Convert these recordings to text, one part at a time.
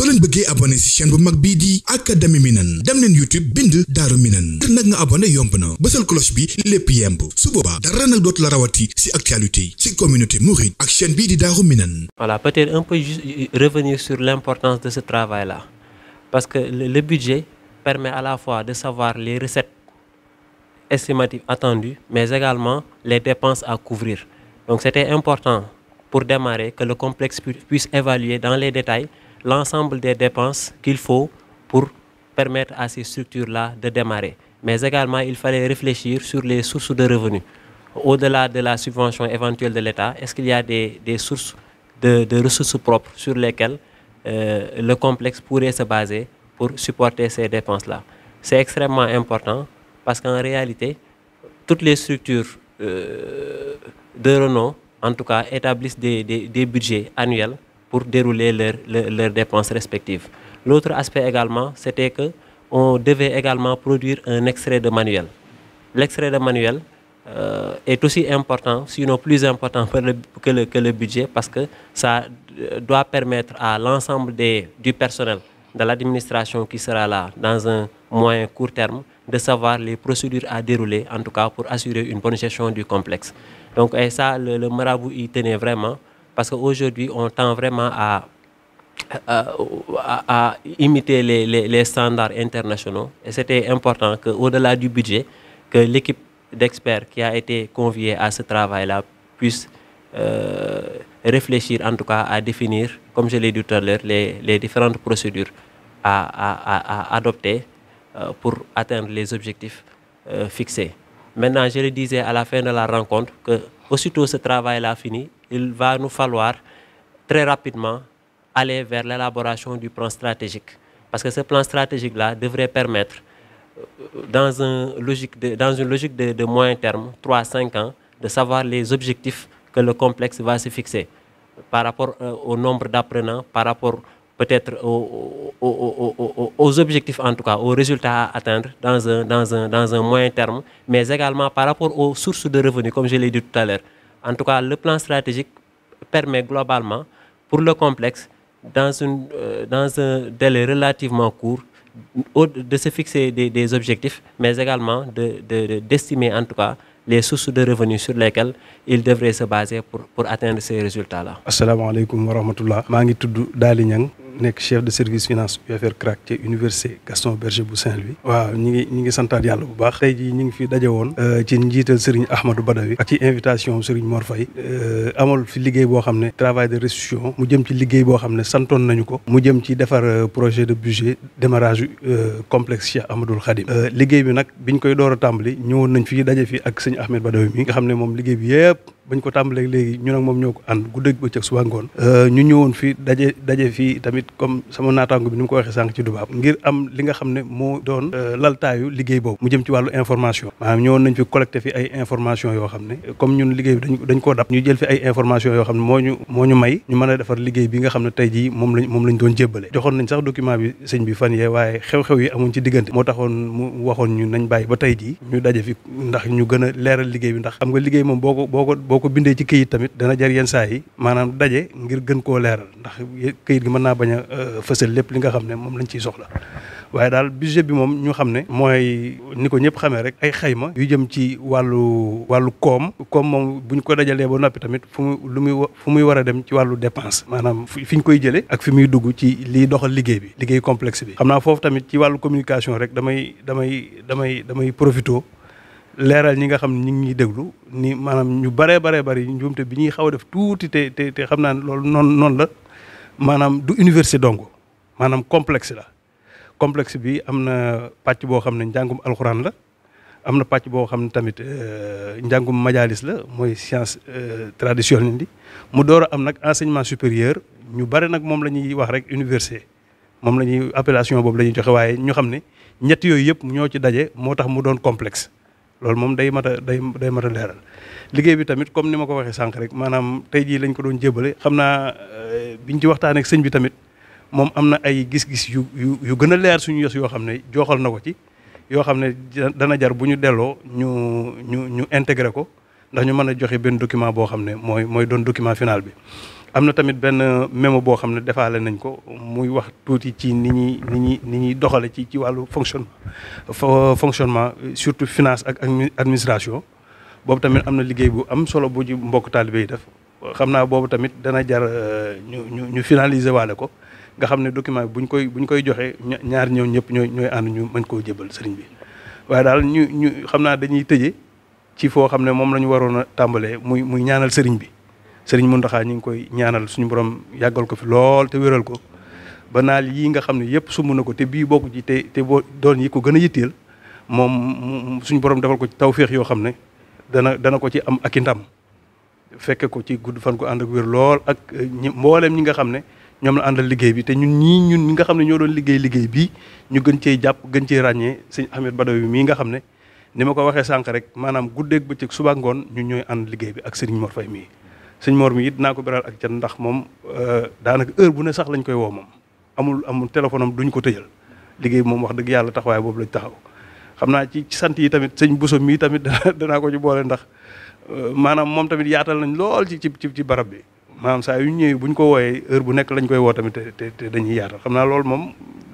soo leen bëggee abonné ci chaîne bu mag bi di Academy Minane dem leen YouTube bind Daaru Minane ngir nag nga abonné yomb na bësal cloche bi lépp yemb su boobaa dara nag dootu la rawati ci actualité ci communauté mouride ak chaîne bi di Daaru Minane. voilà peut-être un peu juste euh, revenir sur l'importance de ce travail-là parce que le budget permet à la fois de savoir les recettes estimatives attendues mais également les dépenses à couvrir donc c'était important pour démarrer que le complexe puisse évaluer dans les détails l'ensemble des dépenses qu'il faut pour permettre à ces structures-là de démarrer. Mais également, il fallait réfléchir sur les sources de revenus. Au-delà de la subvention éventuelle de l'État, est-ce qu'il y a des, sources de, ressources propres sur lesquelles euh, le complexe pourrait se baser pour supporter ces dépenses-là C'est extrêmement important parce qu'en réalité, toutes les structures euh, de renom, en tout cas, établissent des budgets annuels pour dérouler leurs, dépenses respectives. L'autre aspect également, c'était que on devait également produire un extrait de manuel. L'extrait de manuel euh, est aussi important, sinon plus important que le, budget, parce que ça euh, doit permettre à l'ensemble du personnel de l'administration qui sera là dans un moyen court terme de savoir les procédures à dérouler, en tout cas pour assurer une bonne gestion du complexe. Donc ça, le, le marabout y tenait vraiment. Parce qu'aujourd'hui, on tend vraiment à, imiter les, standards internationaux. Et c'était important qu'au-delà du budget, que l'équipe d'experts qui a été conviée à ce travail-là puisse euh, réfléchir en tout cas à définir, comme je l'ai dit tout à l'heure, les, différentes procédures à, adopter euh, pour atteindre les objectifs euh, fixés. Maintenant, je le disais à la fin de la rencontre que Aussitôt ce travail-là fini, il va nous falloir très rapidement aller vers l'élaboration du plan stratégique. Parce que ce plan stratégique-là devrait permettre, euh, dans, une logique de, moyen terme, 3-5 ans, de savoir les objectifs que le complexe va se fixer par rapport euh, au nombre d'apprenants, par rapport peut-être aux, objectifs, en tout cas, aux résultats à atteindre dans un, moyen terme, mais également par rapport aux sources de revenus, comme je l'ai dit tout à l'heure. En tout cas, le plan stratégique permet globalement, pour le complexe, dans, euh, un délai relativement court, de se fixer des, objectifs, mais également d'estimer, de, en tout cas, les sources de revenus sur lesquelles il devrait se baser pour, atteindre ces résultats-là. Assalamu alaikum wa nek chef de service finance UFR CRAC ci université Gaston Berger bu Saint-Louis waaw ñi ngi ñi ngi santaat yàlla bu baax tey jii ñi ngi fi daje woon euh, ci njital Serigne Ahmadou Badawi ak ci invitation Serigne Morfay Faye euh, amal fi liggéey bo xamné travail de restitution mu jëm ci liggéey bo xamné ne nañu ko mu jëm ci defar euh, projet de budget démarrage complexe Cheikh Ahmadoul Khadim liggéey bi nak biñ koy dooro tambali tàmbali ñëwoon nañ fi dajé fi ak serigne Ahmed Badawi mi nga xamné mom liggéey bi yépp bañ ko tàmbalee léegi ñu ak moom ñoo ko ànd guddeeg bëccëg suba ngoon euh, ñu ñëwoon fi daje daje fii tamit comme sama naataango bi ni mu ko waxee sànq ci dubaab ngir am li nga xam ne moo doon euh, laltaayu liggéey boobu mu jëm ci wàllu information maanaam ñëwoon nañ fi collecté fi ay information yoo xam ne comme ñun liggéey bi dañ koo dab ñu jël ay information yoo xam ne moo ñu moo ñu may ñu mën a defar liggéey bi nga xam ne tey jii moom lañ moom lañ doon jébbale joxoon nañ sax document bi sëñ bi fan yee waaye xew-xew yi amuñ ci diggante moo taxoon mu waxoon ñu nañ bàyyi ba tey jii ñu daje fi ndax ñu gën a leeral liggéey bi ndax nga liggéey moom boo ko boo ko bindee ci këyit tamit dana jar yenn saa yi maanaam daje ngir gën koo leeral ndax këyit gi mën naa bañ a euh, fësal lépp li nga xam ne moom lañ ciy soxla waaye daal budget bi moom ñu xam ne mooy ni ko ñëpp xamee rek ay xayma yu jëm ci wàllu wàllu koom koom moom bu ñu ko dajalee ba noppi tamit fu mu lu muy fu muy war a dem ci wàllu dépense maanaam fi ñu koy jëlee ak fi muy dugg ci liy doxal liggéey bi liggéey complexe bi xam naa foofu tamit ci wàllu communication rek damay damay damay damay profito leeral ñi nga xam ne ñu ngi ñuy déglu ni maanaam ñu baree baree bari njuumte bi ñuy xaw a def tuuti te te te xam naa ne loolu noon noonu la maanaam du université dong maanaam complexe la. complexe bi am na pàcc boo xam ne njàngum alxuraan la am na pàcc boo xam ne tamit euh, njàngum majalis la mooy science euh, traditionnelle di mu door a am nag enseignement supérieur ñu bare nag moom la ñuy wax rek université. moom la ñuy appellation boobu la ñuy joxe waaye ñu xam ne ñett yooyu yëpp ñoo ci daje moo tax mu doon complexe loolu moom day mat a day day mat a leeral liggéey bi tamit comme ni ma ko waxee sànq rek maanaam tey jii lañ ko doon jébale xam naa euh, biñ ci waxtaanee ak sëñ bi tamit moom am na ay gis-gis yu yu yu gën a leer suñu yos yoo xam ne jooxal na ko ci yoo xam ne dana jar bu ñu delloo ñu ñu ñu intégré ko ndax ñu mën a joxe benn document boo xam ne mooy mooy doon document final bi. am na tamit benn mémo boo xam ne defaale nañ ko muy wax tuuti ci ni ñi ni ñuy ni ñuy doxale ci ci wàllu fonction fonctionnement surtout finance ak administration boobu tamit am na liggéey bu am solo bu ci mbokk taalibe yi def xam naa boobu tamit dana jar euh, ñu ñu ñu finaliser waale ko nga xam ne document bu buñ koy buñ koy joxee ñaar ñëw ñëpp ñooy ñooy ànd ñu mën koo jébal sëriñ bi waaye daal ñu xam naa dañuy tëjee ci foo xam ne moom lañu waroon a tàmbalee muy muy ñaanal sëriñ bi sëriñ mu Mountakha ñu ngi koy ñaanal suñu borom yàggal ko fi lool te wéral ko ba naal yii nga xam ne yëpp sumb na ko te bii bokk ci te te boo doon yi ko gën a yitteel moom suñu borom defal ko ci tawféex yoo xam ne dana dana ko ci am ak i ndam fekke ko ci gudd fan ko ànd ak wér lool ak eh, mboolem ñi nga xam ne ñoom la àndal liggéey bi te ñun ñii ñun ñi nga xam ne ñoo doon liggéey liggéey bi ñu gën cee jàpp gën cee ràññee sëñ Ahmed Badawi mii nga xam ne ni ma ko waxee sànq rek maanaam guddeeg bëccëg suba ngoon ñu ñooy an liggéey bi ak sëriñ Mor fay mii sëñ moor mii it naa ko beral ak can ndax moom euh, daanaka heure bu ne sax lañ koy woo moom amul amul téléphone am duñ ko tëjal liggéey bi moom wax dëgg yàlla taxawaay boobu lañ taxaw xam naa ci sant yi tamit sëñ Bousso mii tamit danaa ko ci boole ndax euh, maanaam moom tamit yaatal nañ lool ci ci ci barab bi maanaam saa yu ñëwee bu ko wooyee heure bu nekk lañ koy woo tamit te dañuy yaatal xam naa loolu moom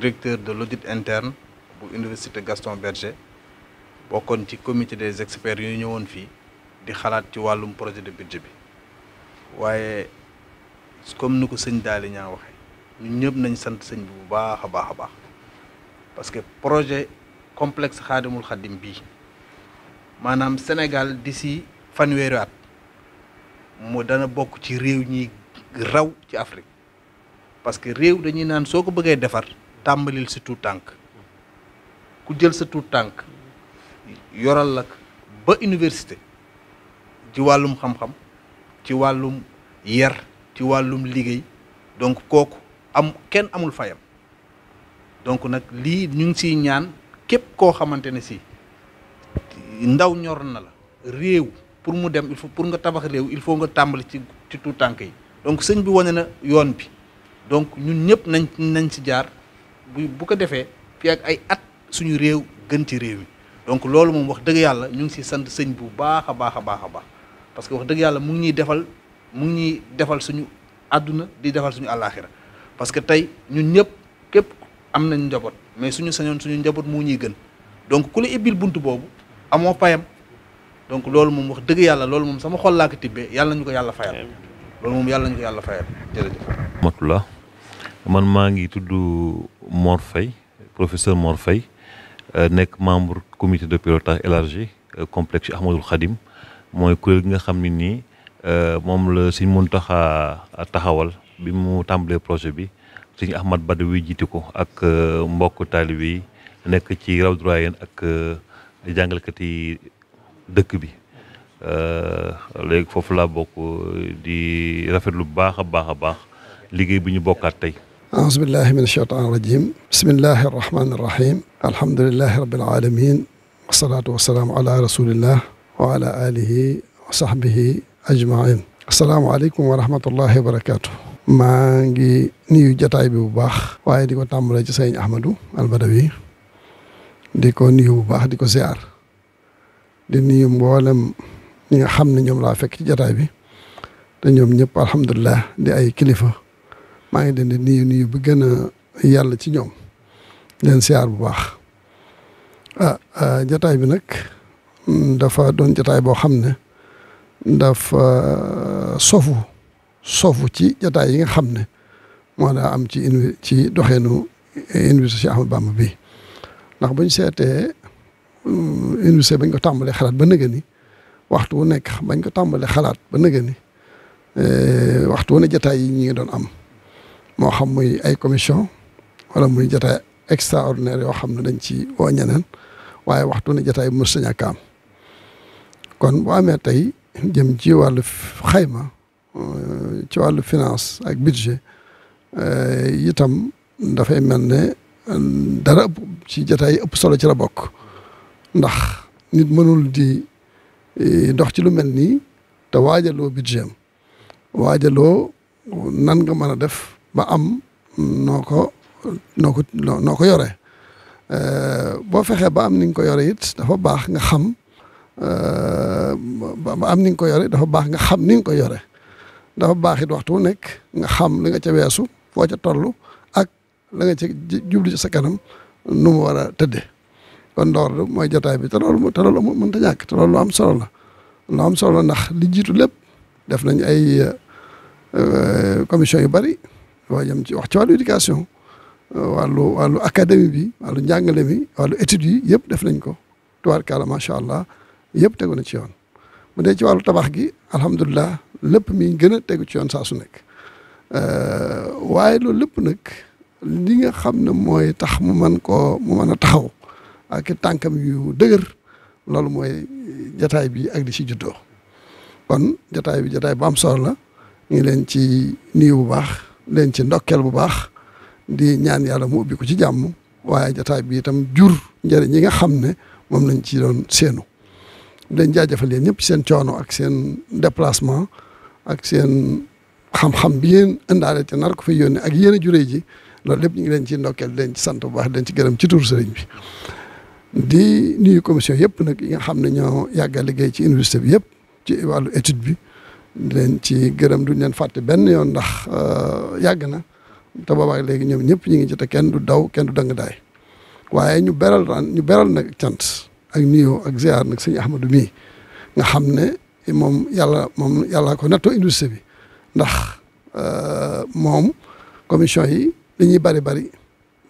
directeur de l'audit interne de l'Université Gaston Berger pour le comité des experts yu ñëwoon fi di projet de budget bi comme waxe ñun nañ parce que projet complexe khadimul Sénégal d'ici wéru at ci réew Afrique parce que réew dañuy tambalil si tout tank ku jël sa tout tank yoral lak ba université ci walum xam-xam ci walum yar ci walum liguey donc am ken amul fayam donc nak li ñu ngi ci ñaan kep ko xamantene ne si ndaw ñor na la rew pour mu dem il faut pour nga tabax rew il faut nga tambal ci ci tout tank yi donc señ bi wane na yoon bi donc ñun ñep nañ nañ ci jaar bu bu ko defé fi ak ay at suñu réew gën ci réew mi donc loolu mom wax dëgg yàlla ñu ngi si sant sëñ bu baaxa baaxa baaxa baax parce que wax dëgg yàlla mu ngi defal mu ngi defal suñu aduna di defal suñu àllaaxira parce que tey ñun ñëpp képp am nañ njabot mais suñu sañoon suñu njabot moo ñuy gën donc ku la ibbil bunt boobu amoo payam donc loolu moom wax dëgg yàlla loolu moom sama xol laa ko tibbee yàlla ñu ko yàlla fayal loolu moom yàlla ñu ko yàlla fayal jërëjëf. matula man maa ngi Mor Faye professeur Mor Faye euh, nekk membre comité de pilotage élargie euh, complexe Ahmadoul xadim mooy kuréel gi nga xam ne nii euh, moom la si Sëñ Muntaxa taxawal bi mu tàmbalee projet bi Sëñ Ahmad wi jiite ko ak mbokk taali yi nekk ci raw doyen ak jàngalekat yi dëkk bi léegi foofu laa bokk di rafetlu bu baax a baax a baax liggéey bi ñu bokkaat tey أعوذ بالله من الشيطان الرجيم بسم الله الرحمن الرحيم الحمد لله رب العالمين والصلاة والسلام على رسول الله وعلى آله وصحبه أجمعين السلام عليكم ورحمة الله وبركاته مانجي نيو جتاي بي باخ واي ديكو تامل سي سيني احمدو البدوي ديكو نيو باخ ديكو زيار دي نيو مبولم نيو خامن نيوم لا فك جتاي بي دا نيوم نيب الحمد لله دي اي كليفه maa ngi leen nii nuyu nuyu bi gën a yàlla ci ñoom leen siyaar bu baax ah, ah jataay bi nag mm, dafa doon jataay boo xam ne dafa ah, sofu sofu ci jataay yi nga xam ne moo daa am ci invi ci doxeenu eh, université Cheikh Ahmadou bi ndax bañ seetee mm, université bañ ko tàmbalee xalaat ba nëga waxtu wu nekk bañ ko tàmbalee xalaat ba nëga ni eh, ne jataay yi ñu ngi doon am moo xam muy ay commission wala muy jotaay ordinaire yoo xam ne dañ ci woo ñeneen waaye waxtu ne jotaay mos sañ kaam kon bu amee tey jëm ci wàllu xayma euh, ci wàllu finance ak budget euh, itam dafay mel ne euh, dara ci jotaay ëpp solo ci la bokk ndax nit mënul di ndox ci lu mel nii te waajaloo budget am waajaloo nan nga mën a def ba am noo ko noo ko noo ko yore eh, boo fexee ba am ni nga ko yore it dafa baax nga xam eh, ba am ni nga ko yore dafa baax nga xam ni nga ko yore dafa baax it waxtu wu nekk nga xam li nga ca weesu foo ca toll ak la nga ca jublu ci sa kanam nu mu war a tëddee kon door mooy jotaay bi te loolu te loolu mënta ñàkk te loolu lu am solo la lu am solo la ndax li jiitu lépp def nañ ay eh, commission yu bari dafa ci wax ci walu éducation euh, walu walu académie bi walu jangale mi walu étude yi yépp def nañ ko ma sha allah yépp tegu na ci yoon mu dé ci walu tabax gi alhamdullah lepp mi gëna a tegu ci yoon sa su euh waye lo lepp nak li nga xam moy tax mu man ko mu mëna taxaw ak tankam yu lolu moy jotaay bi ak di ci juddoo kon jotaay bi jotaay bu am solo la leen ci nuyu bu baax leen ci ndokkeel bu baax di ñaan yàlla mu ubbi ko ci jàmm waaye jataay bii itam jur njëriñ yi nga xam ne moom lañ ci doon seenu leen jaajëfal yéen ñëpp seen coono ak seen déplacement ak seen xam-xam bi yéen indaale te nar ko fay yónnee ak yéen a ji loolu lépp ñu ngi leen ci ndokkeel leen ci sant bu baax leen ci gërëm ci tur bi di nuyu commission yëpp nag yi nga xam ne ñoo yàgg liggéey ci université bi yëpp ci wàllu étude bi leen ci gërëm duñ leen fàtte benn yoon ndax euh, yàgg na te boobaak léegi ñoom ñëpp ñu ngi ci te kenn du daw kenn du dang daay waaye ñu beral ran ñu beral nag cant ak nuyoo ak ziar nag sëñ Ahmadou mii nga xam ne moom yàlla moom yàllaa ko nattoo industrie bi ndax euh, moom commission yi dañuy bari bari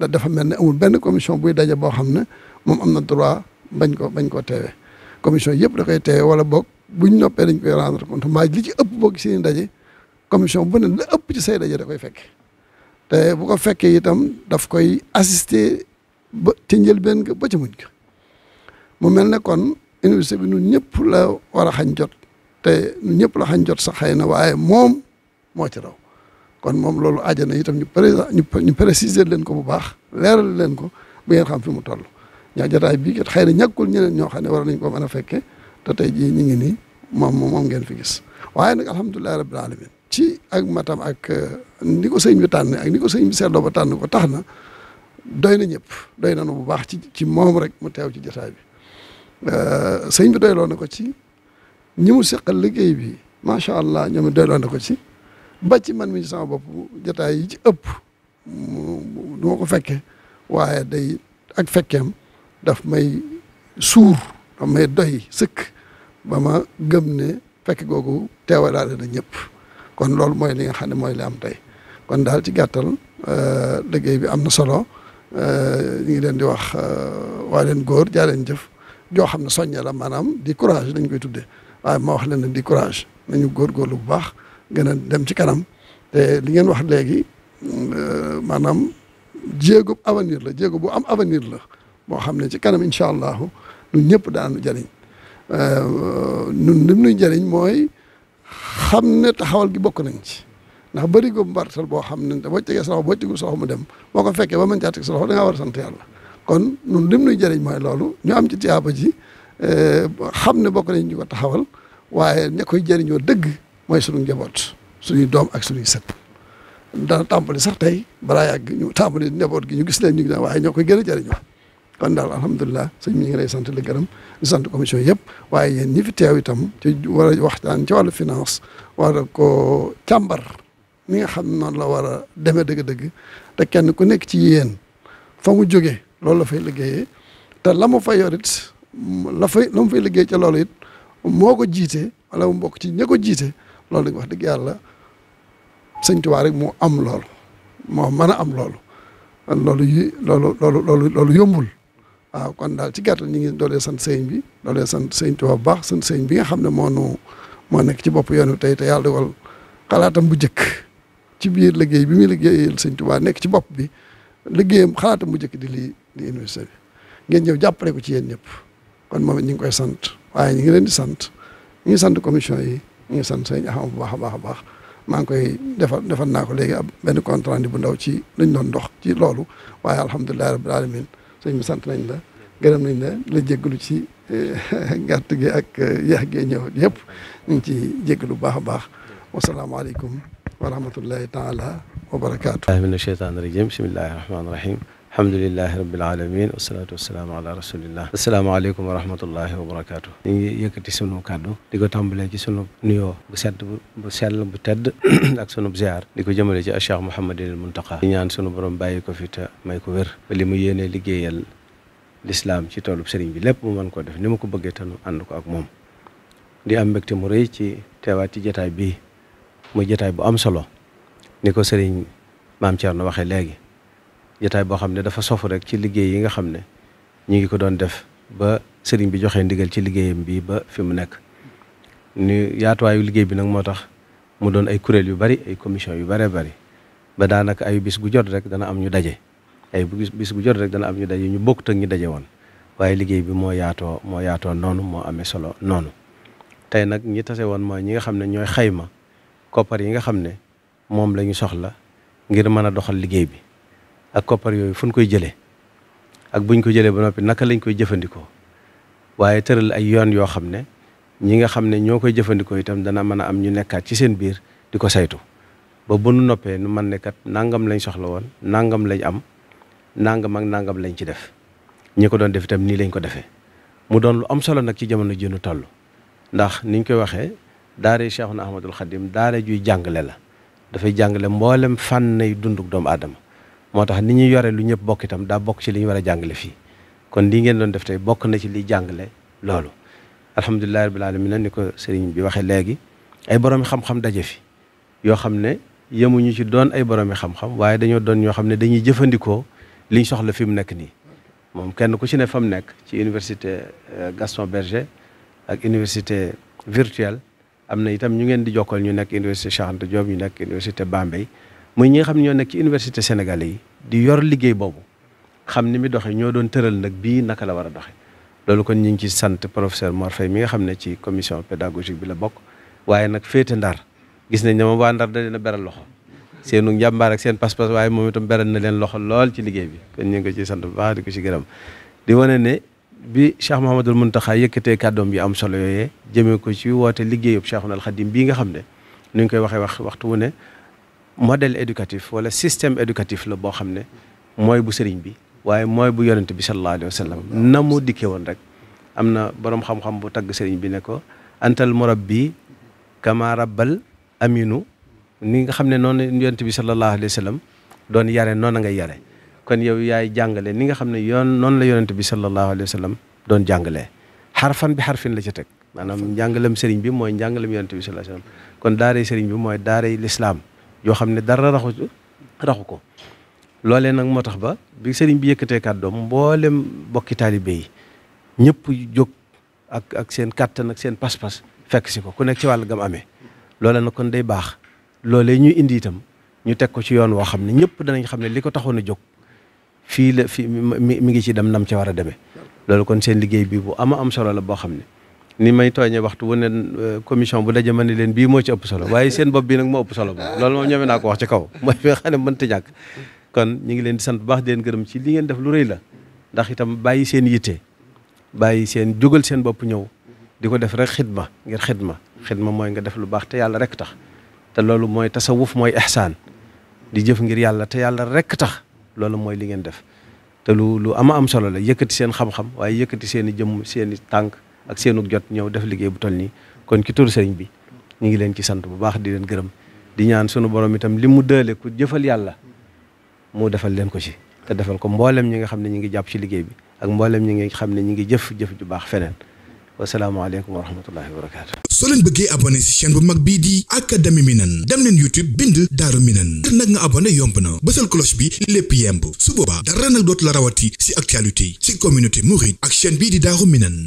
da dafa mel ne amul benn commission buy daje boo xam ne moom am na droit bañ ko bañ koo teewee commission yëpp da koy teewee wala boog buñ noppee dañ koy rendre compte mbaa li ci ëpp boo gisee ndaje commission bu ne la ëpp ci say daje da koy fekk te bu ko fekkee itam daf koy assister ba ca njëlbeen ga ba ca muñ ko mu mel ne kon université bi ñun ñëpp la war a xañ jot te ñun ñëpp la xañ jot sax xëy na waaye moom moo ci raw kon moom loolu ajana itam ñu ñu préciser leen ko bu baax leeral leen ko bu ngeen xam fi mu toll ñaa jotaay bii xay xëy na ñàkkul ñeneen ñoo xam ne war nañ ko mën a fekkee te tey jii ñu ngi nii moom moom ngeen fi gis waaye nag alhamdulilah rabbil alamin ci ak matam ak euh, ni ko sëñ bi tànn ak ni ko sëñ bi seetloo ba tànn ko tax na doy na ñëpp doy na nu bu baax ci ci moom rek mu teew ci jotaay bi euh, sëñ bi doyloo na ko ci ñi mu liggéey bi macha allah ñoom doyloo na ko ci ba ci man mi sama bopp jotaay yi ci ëpp du ma ko fekke waaye day ak fekkeem daf may suur xam may doy sëkk ba ma gëm ne fekk googu teewalaale na ñëpp kon loolu mooy li nga xam ne mooy li am tey kon daal ci gàttal euh, liggéey bi am na solo euh, ñu ngi leen di wax euh, waa leen góor jaa leen jëf joo xam ne soññe la maanaam di courage lañ koy tuddee waaye ma wax leen ne di courage nañu góorgóorlu bu baax gën a dem ci kanam te li ngeen wax léegi maanaam jéego avenir la jéego bu am avenir la moo xam ne ci kanam incha allahu ñun ñëpp daanu jëriñ euh, ñun lim nuy jëriñ mooy xam ne taxawal gi bokk nañ ci ndax bëri ko mbartal boo xam ne boo tegee sa loxo boo tegul sa mu dem boo ko fekkee ba mën caa teg sa loxo da ngaa war a sant yàlla kon ñun lim nuy jëriñ mooy loolu ñu am ci tiyaaba ji euh, xam ne bokk nañ ñu ko taxawal waaye ña koy jëriñoo dëgg mooy sunu njaboot suñuy doom ak suñuy sët dana tàmbali sax tey balaa yàgg ñu tàmbali njaboot gi ñu gis leen ñu ngi waaye ñoo koy gën a jëriñoo kon daal alhamdulilah sëñ mi ngi lay sant di gërëm di sant commission yëpp waaye yéen ñi fi teew itam ci war a waxtaan ci wàllu finance war ko koo càmbar ni nga xam noonu la war a demee dëgg-dëgg te kenn ku nekk ci yéen fa mu jógee loolu la fay liggéeye te la mu fa yorit la fay la mu fay liggéey ca loolu it moo ko jiite wala mu ci ña jiite loolu wax dëgg yàlla sëñ Tuubaa rek mu am lool moo mën a am loolu loolu yi loolu loolu loolu yombul waaw kon daal ci gàttal ñi ngi doolee sant sëñ bi doolee sant sëñ Tuubaa baax sant sëñ bi nga xam ne moo nu moo nekk ci bopp yoon wi tey te yàlla dogal xalaatam bu njëkk ci biir liggéey bi muy liggéeyal sëñ Tuubaa nekk ci bopp bi liggéeyam xalaatam bu njëkk di lii di université bi ngeen ñëw jàppale ko ci yéen ñëpp kon moom it ñu ngi koy sant waaye ñu ngi leen di sant ñu ngi sant commission yi ñu sant sëñ a bu baax a baax a baax maa ngi koy defal defal naa ko léegi ab benn contrat bu ndaw ci lañ doon dox ci loolu waaye alhamdulilah rabbil alamin sëñ bi sant nañ la gërëm nañ la la jéggalu ci eh, gàtt gi ak eh, yéex gi ñëw yëpp ñu ngi ci jéggalu baax a baax wasalaamaaleykum wa rahmatullahi taala wa barakaatu. mina sheytaani rajim bismillahi rahmaani rahim الحمد لله رب العالمين والصلاة والسلام على رسول الله السلام عليكم ورحمة الله وبركاته يكتي سنو كادو ديكو تامبلي جي سنو نيو بسد بسال بتد داك سنو بزيار ديكو جمالي جي أشياء محمد المنتقى نيان سنو بروم باي كوفيتا ماي كوفير بلي مو يني لجي يل الإسلام جي تولو بسرين بي لب مومان كو دف نمو كو بغي تنو أنو كو أكموم دي أمبك تموري جي تواتي جتاي بي مو بو أمسلو نيكو سرين مام تيار نو لاجي jataay boo xam ne dafa sofu rek ci liggéey yi nga xam ne ñu ngi ko doon def ba sëriñ bi joxe ndigal ci liggéeyam bii ba fi mu nekk ni yaatuwaayu liggéey bi nag moo tax mu doon ay kuréel yu bari ay commission yu bëree bari ba daanaka ay bis bu jot rek dana am ñu daje ay bis bu jot rek dana am ñu daje ñu bokk ak ñu daje woon waaye liggéey bi moo yaatoo moo yaatoo noonu moo amee solo noonu tey nag ñi tase woon mooy ñi nga xam ne ñooy xayma koppar yi nga xam ne moom la soxla ngir mën a doxal liggéey bi ak koppar yooyu fu nu koy jëlee ak buñ ko jëlee ba noppi naka lañ koy jëfandikoo waaye tëral ay yoon yoo xam ne ñi nga xam ne ñoo koy jëfandikoo itam dana mën a am ñu nekkaat ci seen biir di ko saytu ba bu nu noppee nu man ne kat nangam lañ soxla woon nangam lañ am nangam ak nangam lañ ci def ñi ko doon def itam nii lañ ko defee mu doon lu am solo nag ci jamono ji nu toll ndax niñ koy waxee daare Cheikhuna Ahmadul Xadim daare juy jàngale la dafay jàngale mboolem fànn nay dunduk doomu aadama moo tax ni ñuy yore lu ñëpp bokk itam daa bokk ci li ñu war a jàngale fii kon lii ngeen doon def tey bokk na ci li jàngale loolu alhamdulilahi rabbil alamin ni ko sëriñ bi waxee léegi ay boroomi xam-xam daje fi yoo xam ne yemuñu ci doon ay boroomi xam-xam waaye dañoo doon ñoo xam ne dañuy jëfandikoo liñ soxla fi mu nekk nii moom kenn ku ci ne fa mu nekk ci université euh, Gaston Berger ak université virtuelle am na itam ñu ngeen di jokkal ñu nekk université Cheikh Anta ñu nekk université Bambey muy ñi xam ne ñoo nekk ci université sénégalais yi di yor liggéey boobu xam ni mi doxee ñoo doon tëral nag bii naka la war a doxee loolu kon ñu ngi ci sant professeur Mor Faye mi nga xam ne ci commission pédagogique bi la bokk waaye nag féete ndar gis nañ ne moom waa ndar da leen a beral loxo seenu njàmbaar ak seen pas-pas waaye moom itam beral na leen loxo lool ci liggéey bi kon ñu ngi ko ciy sant bu baax di ko ci gërëm di wane ne bi Cheikh Mouhamadul Mountakha yëkkatee kàddoom am solo yooyee jëmee ko ci woote liggéeyub Cheikhul Khadim bii nga xam ne nu ñu koy waxee wax waxtu wu ne modèle éducatif wala système éducatif la boo xam ne mooy bu sëriñ bi waaye mooy bu yonent bi sallallahu alayhi wa sallam na mu dikkee woon rek am na boroom xam-xam bu tagg sëriñ bi ne ko antal murabbi kama rabbal aminu ni nga xam ne noonu yonent bi sallallahu alayhi wa sallam doon yare noonu ngay yare kon yow yaay jàngale ni nga xam ne yoon noonu la yonent bi sallallahu alayhi wa sallam doon jàngalee xarfan bi xarfin la ci teg maanaam njàngalem sëriñ bi mooy njàngalem yonent bi sallallahu alayhi wa sallam kon daaray sëriñ bi mooy daaray lislaam yoo xam ne dara raxu raxu ko loolee nag moo tax ba bi sëriñ bi yëkkatee kàddoom mboolem bokki taalibe yi ñëpp jóg ak ak seen kàttan ak seen pas-pas fekk si ko ku nekk ci wàll gam amee loolee nag kon day baax loolee ñuy indi itam ñu teg ko ci yoon woo xam ne ñëpp danañ xam ne li ko taxoon a jóg fii la fii mi ngi ci dem nam ca war a demee loolu kon seen liggéey bi bu ama am solo la boo xam ne ni may togné waxtu wu ne commission bu dajé mané len bi mo ci ëpp solo waye seen bop bi nak mo ëpp solo moom loolu ñëwé ñoome ko wax ci kaw mo fi nga mën ta kon ñi ngi len di sant bax den gërëm ci li ngeen def lu rëy la ndax itam bayyi seen yité bayyi seen jógal seen bop ñëw di def rek xidma ngir xidma xidma moy nga def lu bax te yalla rek tax te loolu moy tasawuf moy ihsan di jëf ngir yalla te yalla rek tax loolu moy li ngeen def te lu lu ama am solo la yëkëti seen xam-xam waye yëkëti seen jëm seen tank ak seenug jot ñëw def liggéey bu toll nii kon ci turu sëriñ bi ñu ngi leen ci sant bu baax di leen gërëm di ñaan sunu borom itam li mu dële ku jëfal yàlla mu defal leen ko ci te defal ko mbooleem ñi nga xam ne ñu ngi jàpp ci liggéey bi ak mboolem ñi nga xam ne ñu ngi jëf jëf ju baax feneen wasalaamaaleykum wa rahmatullahi wa soo leen bëggee abonné si chaîne bu mag bii di académie Minane dem leen YouTube bind Daaru Minane ngir nag nga abonné yomb na bësal cloche bi lépp yemb su boobaa dara nag dootu la rawati si actualité si communauté mouride ak chaîne bii di Daaru Minane